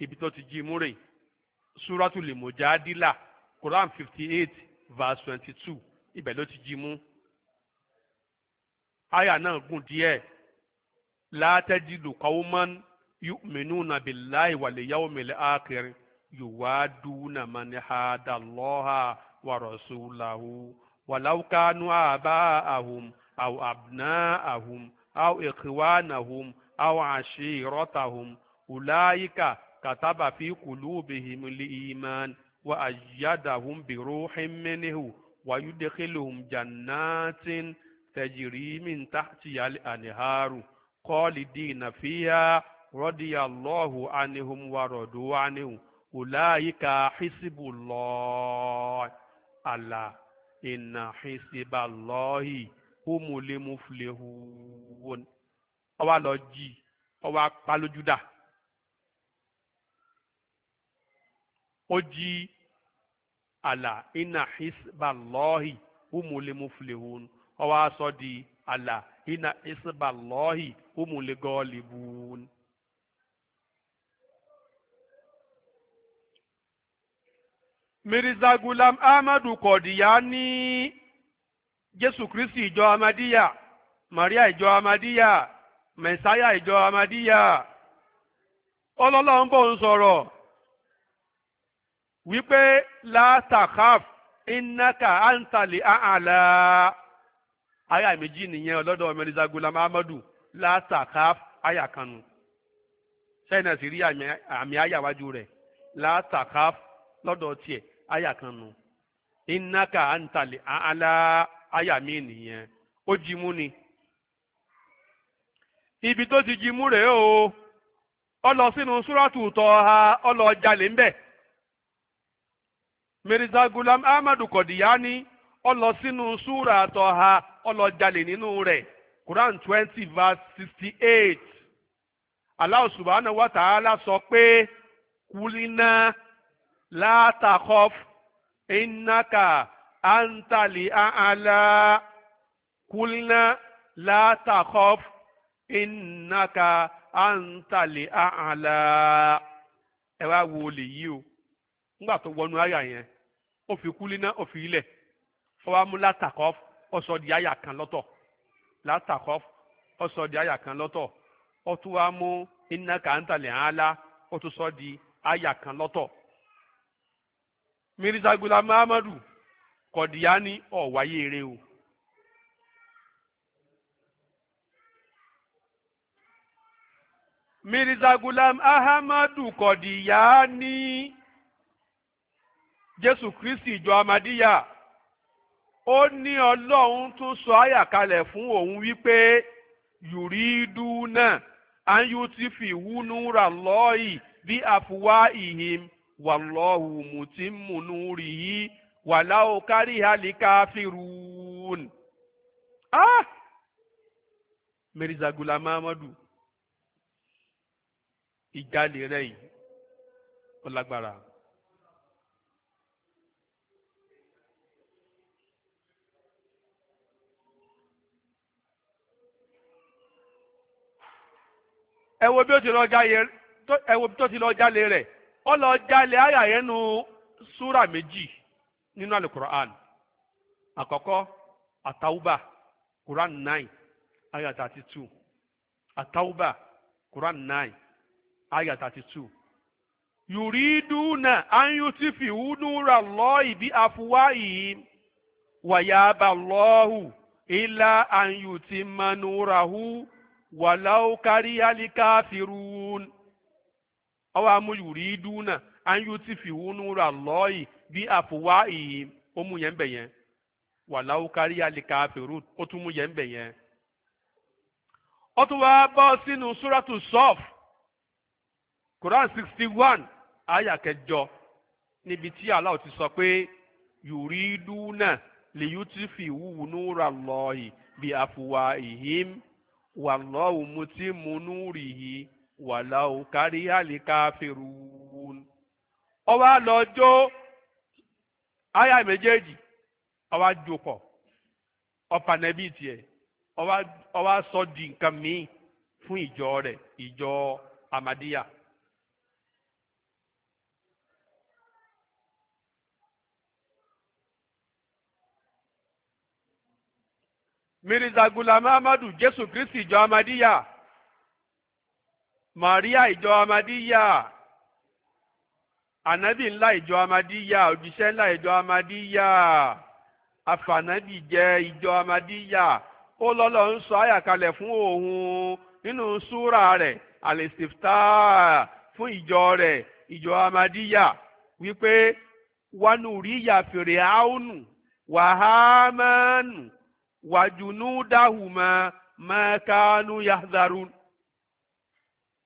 ibi tó ti jí múre suratul mujadila quran fifty eight verse twenty two ibẹ̀ ló ti jí mú. aya náà gùn díẹ̀ la tajidu qawman yu'minuna billahi wal yawmil akhir yuwaduna man hada allaha wa rasulahu walau kanu aba'ahum aw abna'ahum aw ikhwanahum aw ashiratahum ulaika kataba fi kulubihim liiman wa ayyadahum bi ruhin minhu wa yudkhiluhum jannatin tajri min tahtiha al-anharu khalidina fiha radiyallahu anhum wa radu anhu ulaika hisbullah ala inna hisballahi humul muflihun ó wá lọ jí ó wá pa ó jí àlà iná hisballahi umule muflihun ọwa wá sọ di àlà iná hisballahi umule ghalibun. mirza gulam ahmadu kọ̀dìyà ni jesu kristi ìjọ amadíyà maria ìjọ amadíyà mẹsáyà ìjọ amadíyà ọlọlọ ń bọ̀ wípé látàkàf ináka àǹtàlì àhàlà àyà méjì nìyẹn ọlọ́dọ̀ ọmọ ẹ̀rìzà gulam amadu látàkàf àyà kanu sẹ́yìn náà sì rí àmì àyà wájú rẹ̀ látàkàf lọ́dọ̀ tiẹ̀ àyà kanu ináka àǹtàlì àhàlà àyà mi nìyẹn ó jí mú ni ibi tó ti jí mú rèé o ó lọ sínú súrọ́tù tọ́ ha ó lọ jalè ńbẹ̀ mirza gulam ahmadu kọ̀díyání ó lọ sínú súra tọ́ha ó lọ jalè nínú rẹ̀ quran twenty verse sixty eight allah subhanahu wa ta'ala sọ pé kulina la takhaf innaka antali a'ala kulina la takhaf antali a'ala ẹ wá wo olè yìí o nígbà tó wọnú àyà yẹn ó fi kúlí náà ó fi ilẹ̀ ó wá mú látàkọ́ ó di àyà kan lọ́tọ̀ látàkọ́ ó sọ di àyà kan lọ́tọ̀ ó tún wá mú iná kàńtàlẹ̀ àálá ó tún sọ di àyà kan lọ́tọ̀. Mirza Ghulam Muhammadu Kọ̀díyání ọ̀wáyé eré o. Mirza Ghulam Ahmadu Kọ̀díyání. jésù kristi ìjọ amadíyà ó ní ọlọ́run tún sọ àyàkálẹ̀ fún òun wípé yùrídú náà anyutifi wúnúra lọ́ọ̀yì bí àfùwá ìhìn wàlọ́ọ̀hù mùtìmùnú rí i wàláwò kárí àlìká fìrùún. Ah! Mirza Ghulam Ahmadu ìjálè rẹ̀ yìí ó lágbára. ewu wo bí ó ti lọ bí ti lọ jálé rẹ̀ ó lọ àyà yẹn nu súrà méjì nínú alukur'an àkọ́kọ́ àtàwùbà quran nine àyà thirty two àtàwùbà quran nine àyà thirty two yuriduna an nura Allahi wàláwó kárí alíká fìrún ọwọ́ amúyùrí dúnà ányú tí fìwúnú rà lọ́ọ̀yì bí àfùwá ìyí ó mú yẹn bẹ̀ yẹn wàláwó kárí alíká fìrún ó tún mú yẹn bẹ̀ yẹn. tún wá sixty one ti wàlọ́wù mo ti múnú rì yí wàláwù kárí àlìká fèrú ọwọ́ àlọ́jọ́ àyà méjèèjì ọwọ́ àjòpọ̀ ọ̀pànẹ́bí tiẹ̀ ọwọ́ sọ di nǹkan míì fún ìjọ rẹ ìjọ amadiya. mirza gulam amadu jesu kristi ìjọ amadíyà maria ìjọ amadíyà anabi ńlá ìjọ amadíyà òjíṣẹ́ ńlá ìjọ amadíyà afànábì jẹ́ ìjọ amadíyà ó lọ́lọ́ ń sọ àyàkalẹ̀ fún òun nínú súra rẹ̀ àlèsìftà fún ìjọ rẹ̀ ìjọ amadíyà wípé wánú ríyà fèrè áúnù wàhámánù. وجنودهما ما كانوا يحذرون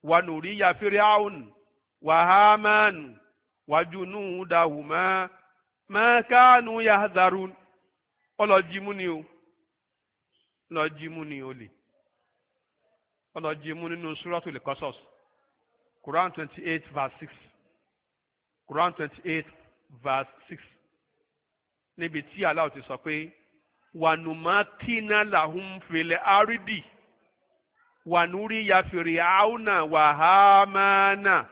ونري فرعون وهامان وجنودهما ما كانوا يحذرون ọlọ́jimú ni o ọlọ́jimú ni o Quran twenty verse 6. Quran 28, verse 6. níbi tí Allah ti sọ pé. wanumatina lahum fili aridi wanuri ya firiauna wa hamana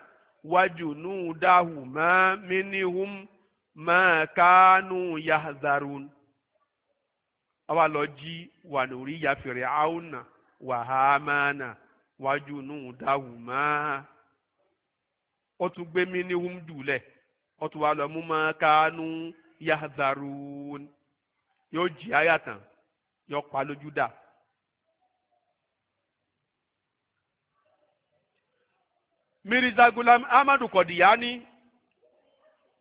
wajunudahuma minihum ma kanu yahzarun àwa lọ jí wanuri ya firiauna wa hamana wajunudahuma ó tún gbé minihum jùlẹ̀ ó tún wá lọ ma kanu yahzarun yóò jí àyà tán yóò pa lójú dà. Mirza Gulam Ahmadu Kodiyani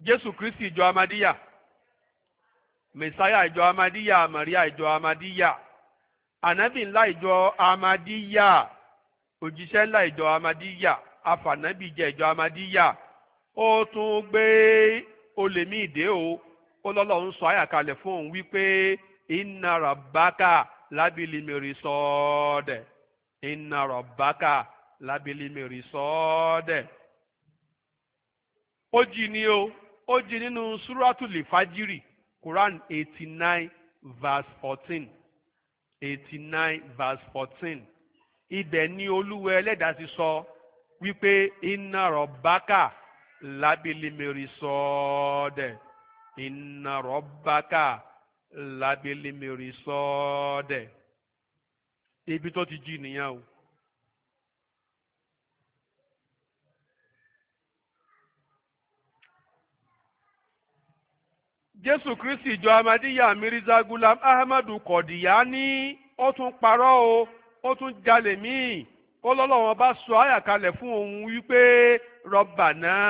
Jésù Kristi ìjọ Amadiya Mẹsáyà ìjọ Amadiya Màríà ìjọ Amadiya Ànábì ńlá ìjọ Amadiya òjíṣẹ́ ńlá ìjọ Amadiya afànábì jẹ́ ìjọ Amadiya ó tún gbé olèmí ìdè o ó lọ́lọ́run sọ àyà kalẹ̀ fún òun wípé inna rabbaka lábìlì mèrì sọ́ọ́dẹ̀ inna rabbaka lábìlì mèrì sọ́ọ́dẹ̀. ó jí ni o ó jí nínú suratul fajiri quran eighty nine verse fourteen eighty nine verse fourteen ibẹ̀ ni olúwa ẹlẹ́dàá ti sọ wípé inna rabbaka lábìlì mèrì sọ́ọ́dẹ̀. inna rọ́bákà lábẹ́lẹ́mẹ̀rì sọ́ọ́dẹ̀ ibi tó ti jí nìyẹn o. jésù kristi ìjọ amadíyà mirza gulam ahmadu kọ̀dìyà ní ó tún parọ́ o ó tún jalè míì ó lọ́lọ́wọ́n bá sọ àyà fún òun wípé rọ́bà náà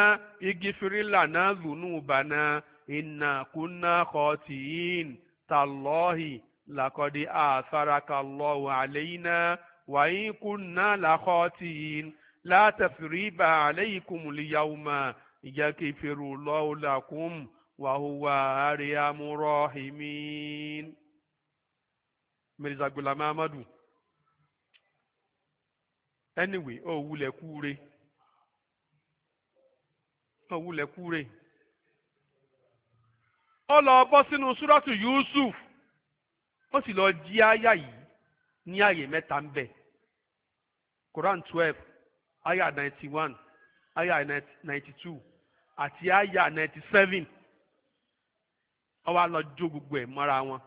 igi firila náà lùnú náà. inna kunna khatiin tallahi laqad atharaka Allahu alayna wa in kunna la khatiin la tafriba alaykum liyawma yaghfiru Allahu lakum wa huwa Mirza Ghulam Ahmadu anyway ó wulẹ̀ kúure ó wulẹ̀ kúure. ó lọ bọ́ sínú súrọ́tù Yusuf ó sì lọ jí àyà yìí ní àyè mẹ́ta ń bẹ̀ Quran twelve àyà ninety one àyà ninety two àti àyà ninety seven ó wá lọ jó gbogbo ẹ̀ mọ́ra wọn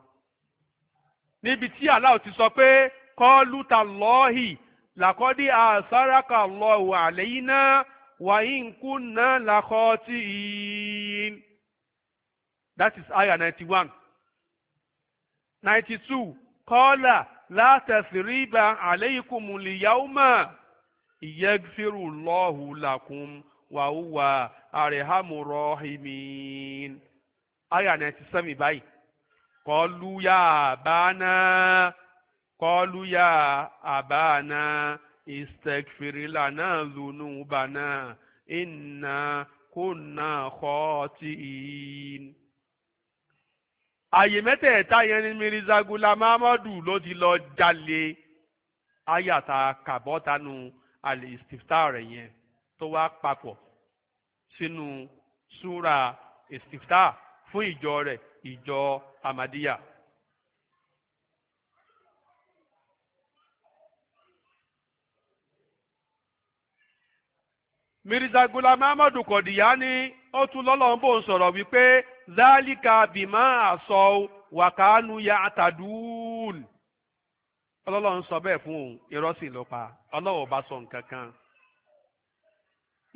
níbi tí Allah ti sọ pé kọ́lù ta lọ́ọ̀hì làkọ́dí àsáràkà lọ́wọ́ àlẹ́yìn náà wàyí ń kú náà làkọ́ tí ì. that is ayah ninety one ninety two kọ́lá látẹ̀síríbà àléyìnkùmù lìyàwùmá ìyẹ́gfẹ́rù lọ́hùn làkùn wàhùwà àrèhámù rọ́ọ̀hìmín. ayah ninety seven báyìí kọlu ya àbáná kọlu ya àbáná ìsẹ̀kfìrìlànà lùnú bàná ìnà kùnà kọ́ọ̀tì ìyìn àyè mẹ́tẹ̀ẹ̀ta yẹn ni Mirza Ghulam Ahmadu ló ti lọ jalè ayàtà kàbọ́tanu àlè ìsìtìfà rẹ̀ yẹn tó wá papọ̀ sínú súra ìsìtìfà fún ìjọ rẹ̀ ìjọ Ahmadiyya. Mirza Ghulam Ahmadu ni ó tún lọ́lọ́ sọ̀rọ̀ wípé zálíkà bímá àsọ wàkánú ya àtàdún ọlọ́lọ́run sọ bẹ́ẹ̀ fún òun irọ́ sì ló pa ọlọ́wọ́ bá sọ nǹkan kan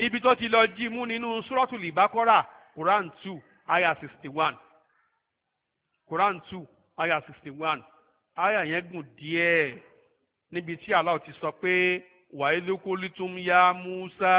ibi tó ti lọ jí mú nínú suratul Baqara Quran two aya sixty one Quran two aya sixty one aya yẹn gùn díẹ̀ níbi tí Allah ti sọ pé wàhálùkúlítùm ya Musa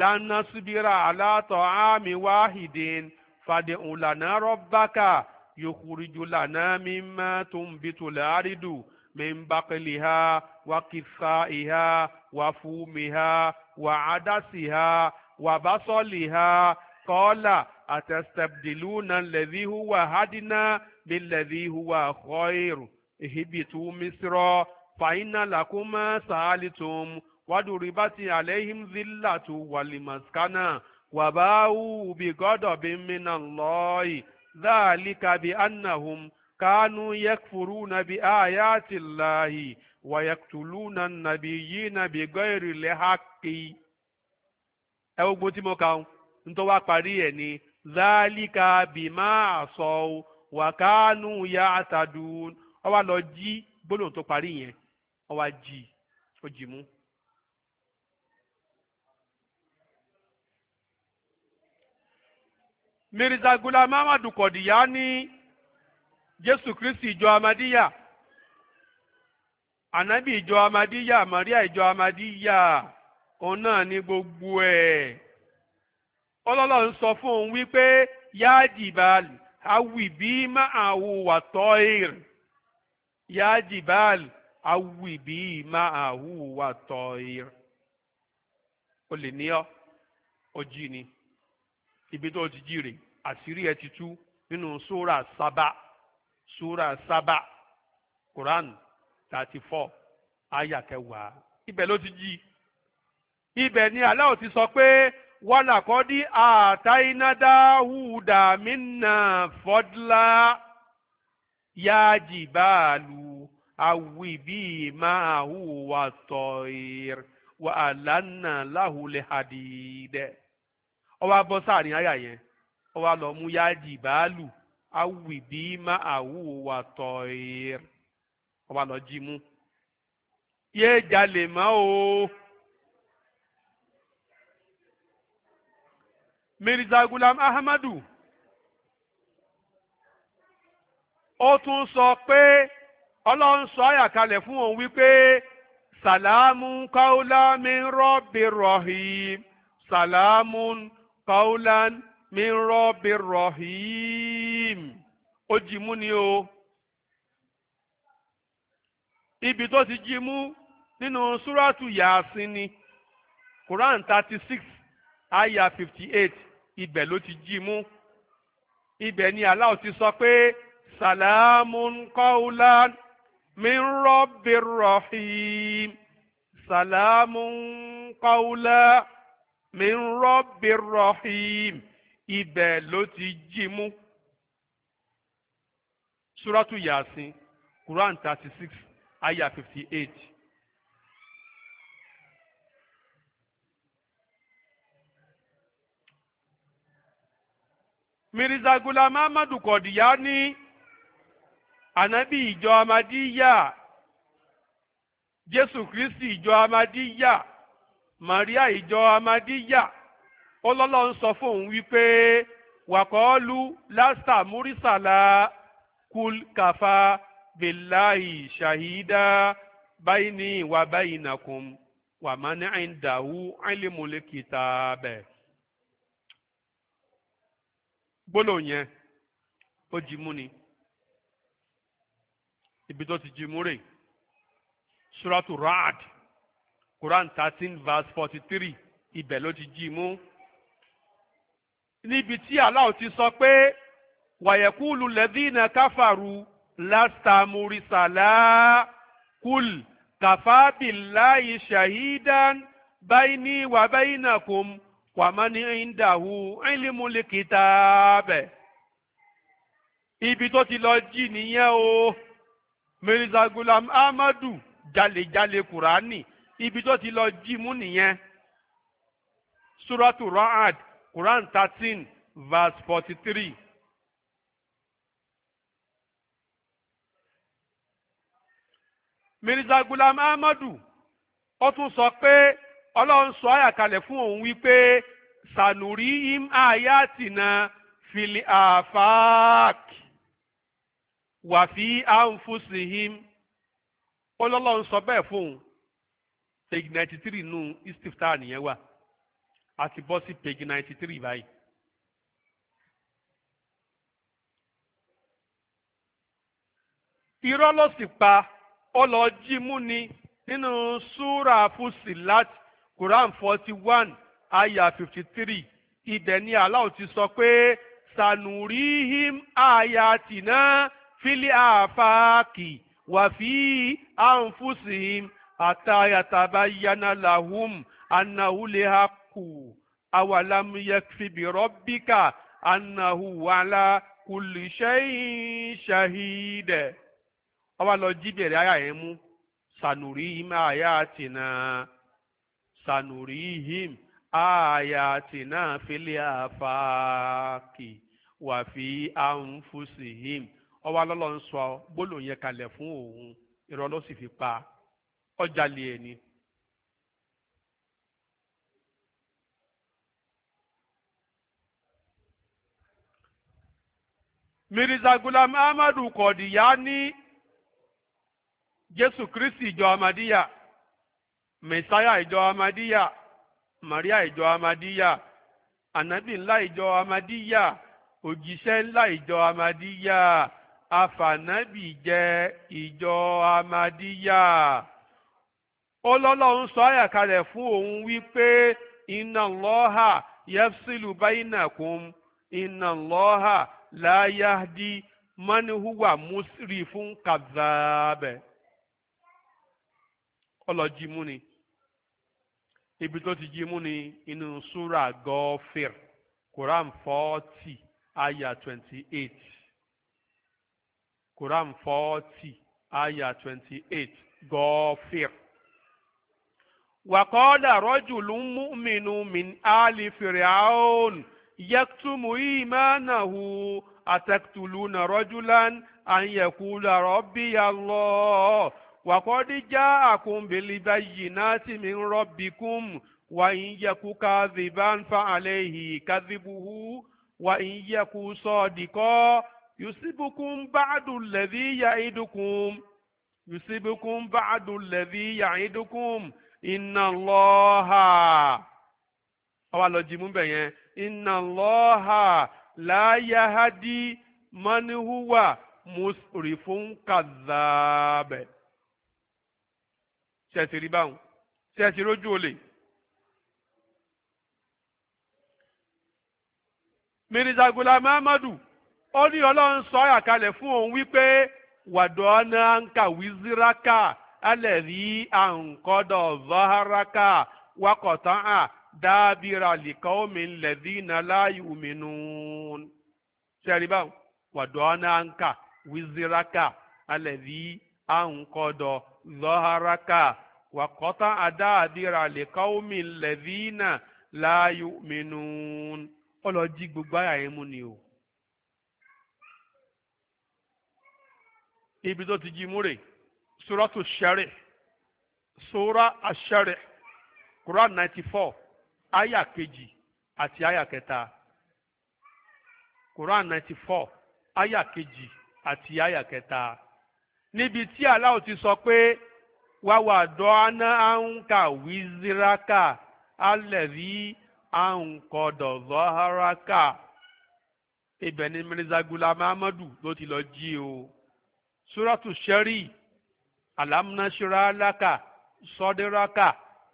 lánàá síbíra aláàtọ̀ àmì wáhìdín. فادع لنا ربك يخرج لنا مما تنبت الأرض من بقلها وقثائها وفومها وعدسها وبصلها قال أتستبدلون الذي هو هدنا بالذي هو خير اهبطوا مصر فإن لكم ما سألتم وضربت عليهم ذلة والمسكنة وباءوا بغضب من الله ذلك بأنهم كانوا يكفرون بآيات الله ويقتلون النبيين بغير الحق ẹ gbogbo tí mo kà ń nítorí wàá parí ẹ̀ ní zálíkà bímá àsọ wàkánú ya àtàdùn ó wá lọ jí gbólóhùn tó parí yẹn ó wá jí ó jì mú. mirza gulam ahmadu kọ̀dìyá ní jésù kristi ìjọ amadíyà ànábì ìjọ amadíyà maria ijo amadíyà òun náà ní gbogbo ẹ̀ ọlọ́lọ́ ń sọ fún òun wípé yáàdìbàlì awìbí máa wò wà tọ́ ìrìn yáàdìbàlì awìbí máa wò wà tọ́ ìrìn olè ní ọ ojí ni. ibi tó ti jí rè àṣírí ẹ ti tú nínú sura saba sura saba quran thirty four aya kẹwàá ibẹ̀ ló ti jí ibẹ̀ ni Allah ti sọ pé wàlàkọ́dí àtàínádáhùdà mínà fọ́dlá yájìbáàlù àwìbí máa hùwà tọ̀ìr wà á lánàá láhùlẹ̀ hadìdẹ́ ó wá bọ́ sáàrin àyà yẹn ó wá lọ mú yáàjì báàlù awì bí má àwùwò wà tọ̀ ẹ̀ẹ́r ó jí mú yé jalè mọ́ o. Mirza Gulam Ahmadu ó tún sọ pé ọlọ́run sọ àyàkalẹ̀ fún òun wípé sàlámù káúlá min rọ́bì rọ̀hìm Salamu qawlan min rabbir rahim ó jí mú ni o ibi tó ti jí mú nínú súrátù yàásín ni quran thirty six aya fifty eight ibẹ̀ ló ti jí mú ni Allah ti sọ pé salamun qawlan min rabbir rahim salamun qawlan min rọ́bì rahim ibẹ̀ ló ti jí mú suratu yasin quran thirty six ayah fifty eight. mirza gulam ahmadu kọ̀dìyá ní ànábì ìjọ amadíyà jésù kristi ìjọ amadíyà. maria ijọ Amadíyà ọlọ́lọ́ ń sọ fóun wípé wàkọ́ọ́lù lásà múrísàlà kùl kàfà bíláì ṣàhídà báyìí wà báyìí nàkùn wà má ní àìndàwù àìlèmọ̀lẹ́ kìtà bẹ̀. gbólóhùn yẹn ó jí mú ni ibi tó ti jí mú rè Suratu Ra'd. Quran thirteen verse forty three ibẹ̀ ló ti jí i mú. níbi tí Allah ti sọ pé wàyẹ̀kúlù lẹ́dínà káfàrú lásàmúrísàlá kúl kàfábìláyì ṣàhídán báyìí wà báyìí nà kùm wàmání ìndàhù ìlímúlì kìtàbẹ̀. ibi tó ti lọ jí nìyẹn o Mirza Gulam Ahmadu jalejale Kùránì ibi tó ti lọ jí mú nìyẹn suratu ra'ad quran thirteen verse forty three. mirza gulam ahmadu ó tún sọ pé ọlọ́run sọ àyàkálẹ̀ fún òun wípé sanuri im ayatina fili afak wàfi anfusihim ọlọ́run sọ bẹ́ẹ̀ fún òun page ninety three nù istifta nìyẹn wa a ti bọ́ sí page ninety three báyìí. irọ́ ló sì pa ọlọ́ọ̀jì mú nínú súrà Fussilat Quran forty one aya fifty three ibẹ̀ ni Allah ti sọ pé sanurihim ayatina fili afaki wàfí anfusihim. ata ya taba yana la wum ana wul-eha ku awa lamye fibi rọpịka ana wu ala wuli shayin shayin de. ọ bá aya ya emu sanuri im aya ya atina sanuri im aya ya atina filia faki wafi a nfusi im ọ ohun, lọọ lo si fi pa. ọjà lè ẹni. mirisa gulam amadu kọdìyà ní jésù kristi ìjọ amadiya mẹsáyà ìjọ amadiya maria ìjọ amadiya anabi ńlá ìjọ amadiya òjíṣẹ́ ńlá ìjọ amadiya afanabi jẹ́ ìjọ amadiya. ọlọ́lọ́run sọ àyà fún òun wípé iná lọ́hà yẹ́fṣìlù bainakum iná lọ́hà láyáhdí mọ́níhùwà mùsírì fún kàzáàbẹ̀. ọlọ́jì ibi tó ti jí mú ni inú súrà gọ́ọ̀fìr quran wàkọ́ọ́dà rọ́jùlù múmínú min áálì fìrìhàn yẹ́kùtùmù ìmánáhù àtẹ̀kùtùlùnà rọ́jùlán àyẹ̀kùlà rọ́bìyàlọ́ wàkọ́ọ́dìjà àkùnbélébà yìí náà ti mi rọ́bìkùm wàyí yẹku kàdìbà ń fa àlẹ́hì kàdìbùhù wàyí yẹku sọ̀dìkọ́ yusibukum ba'du lẹ́dí yaidukum yusibukum ba'du lẹ́dí yaidukum. inaloha lọ́ha àwa lọ jí mú bẹ̀ yẹn iná lọ́ha láyàhádì mọ́níhùwà mùsùlùmí kàdáàbẹ̀. ṣe ti rí báwọn ṣe ti rójú olè. mirza gulam ahmadu ó ní ọlọ́run sọ àyàkálẹ̀ fún òun wípé wàdọ́ọ́nà ń kà alladhi anqada dhahraka wa qata'a dabira liqaumin ladhina la yu'minun sẹ́rí báwọn wàdọ́nà anka wiziraka alladhi anqada dhahraka wa qata'a dabira liqaumin ladhina la yu'minun ọlọ́jí gbogbo àyà yẹn mú ni o. ibi tó ti jí suratu sharih sura asharih quran ninety four aya kejì àti aya kẹta quran ninety four aya kejì àti aya kẹta níbi tí Allah ti sọ pé wà wà dọ́ọ́nà àǹkà wíṣíráka alẹ́rí àǹkọ̀dọ̀ zọ́háraka ibẹ̀ ni Mirza Ghulam ló ti lọ jí o suratu sharih. alam alamnashira alaka sọdịraka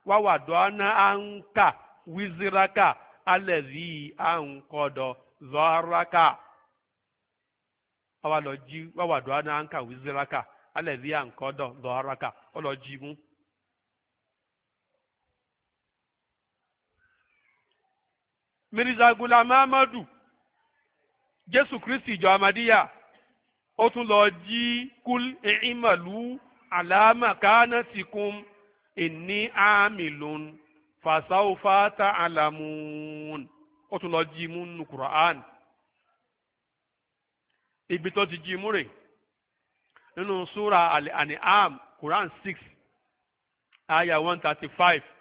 wawadona anka wiziraka alẹ́rìí àǹkọ́dọ̀ zọ́ọ́ráka awalọ́jí wàwàdọ́ anáǹkà wíṣíraka alẹ́rìí àǹkọ́dọ̀ zọ́ọ́ráka ọlọ́jí mú. mirza gulam amadu jesu kristi ìjọ amadiya ó tún lọ jí kúl ìhìnmàlú e àlàámà kana ti kún amilun àmì lòun fàṣàwùfà tá àlàmùún lọ jí mú nù Qur'an ibi tó ti jí mú rè nínú súra Al-An'am Qur'an six aya one thirty five.